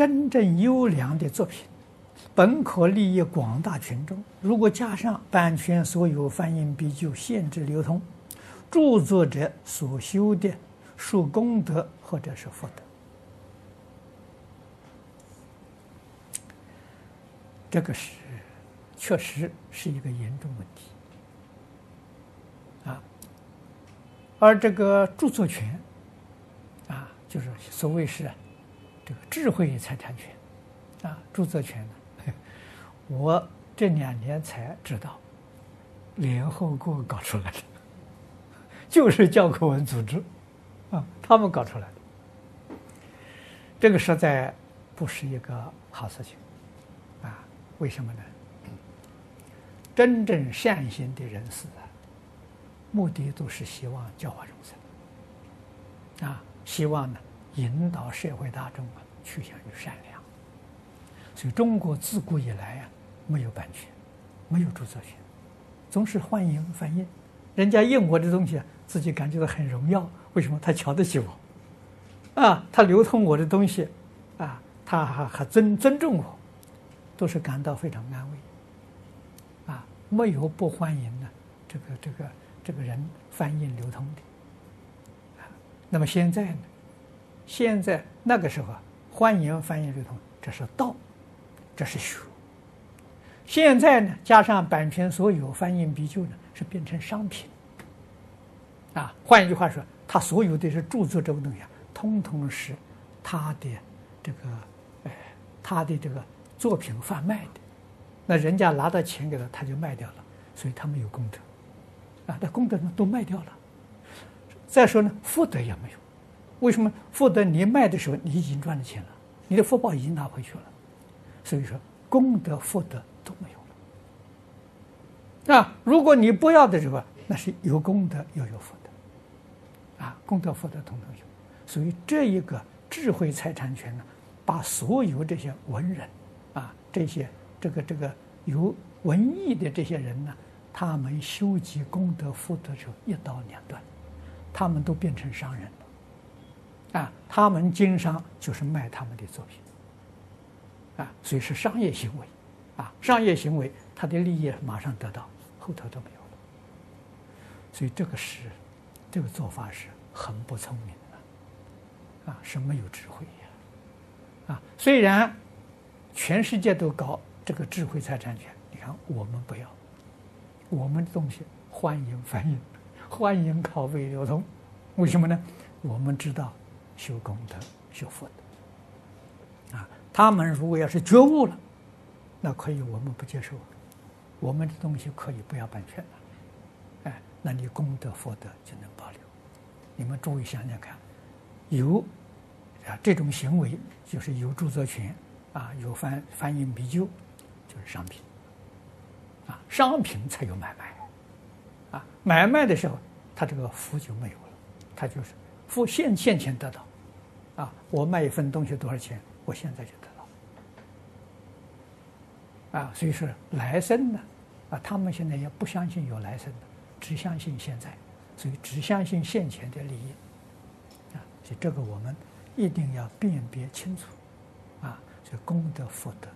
真正優良的作品，本可利益廣大群眾。如果加上版權所有、翻印必究，就限制流通，著作者，所修的屬功德或者是福德，這個是確實是一個嚴重問題啊。而這個著作權，啊，就是所謂是。這個智慧財產權啊，著作權呢，我這兩年才知道，聯合國搞出來的，就是教科文組織啊，他們搞出來的，這個實在不是一個好事情啊！為什麼呢？真正善心的人士啊，目的都是希望教化眾生啊，希望呢。引導社會大眾啊趨向於善良，所以中國自古以來啊沒有版權，沒有著作權，總是歡迎翻印，人家印我的東西啊，自己感覺到很榮耀。為什麼他瞧得起我？啊，他流通我的東西，啊，他還還尊尊重我，都是感到非常安慰。啊，沒有不歡迎的這個這個這個人翻印流通的。啊，那麼現在呢？現在那個時候啊，歡迎翻印流通，這是道，這是修。現在呢，加上版權所有翻印必究呢，是變成商品。啊，換一句話說，他所有的是著作這個東西啊，通通是他的這個，哎，他的這個作品販賣的。那人家拿到錢給他，他就賣掉了，所以他沒有功德。啊，那功德呢都賣掉了。再說呢，福德也沒有。為什麼福德？你賣的時候，你已經賺了錢了，你的福報已經拿回去了。所以說，功德、福德都沒有了。啊，如果你不要的時候，那是有功德又有福德，啊，功德、福德統、統統有。所以這一個智慧財產權呢，把所有這些文人啊，這些這個這個有、這個、文藝的這些人呢，他們修積功德福德的時候，一刀兩斷，他們都變成商人。啊，他們經商就是賣他們的作品，啊，所以是商業行為，啊，商業行為，他的利益馬上得到，後頭都沒有了，所以這個是，這個做法是很不聰明的，啊，是沒有智慧呀，啊，啊，雖然全世界都搞這個智慧財產權，權，你看我們不要，我們的東西歡迎翻譯，歡迎，歡迎拷貝流通，為什麼呢？我們知道。修功德、修福德，啊，他們如果要是覺悟了，那可以，我們不接受，我們的東西可以不要版權了，哎，那你功德福德就能保留。你們注意想想看，有啊這種行為就是有著作權，啊，有翻翻印必究，就是商品，啊，商品才有買賣，啊，買賣的時候他這個福就沒有了，他就是福現，現前得到。啊，我賣一份東西多少錢？我現在就得了。啊，所以說來生呢，啊，他們現在也不相信有來生的，只相信現在，所以只相信現前的利益。啊，所以這個我們一定要辨別清楚，啊，所以功德福德。